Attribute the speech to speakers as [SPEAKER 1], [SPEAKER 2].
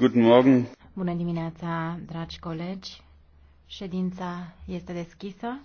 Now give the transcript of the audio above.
[SPEAKER 1] Guten Morgen.
[SPEAKER 2] Bună dimineața, dragi colegi. Ședința este deschisă.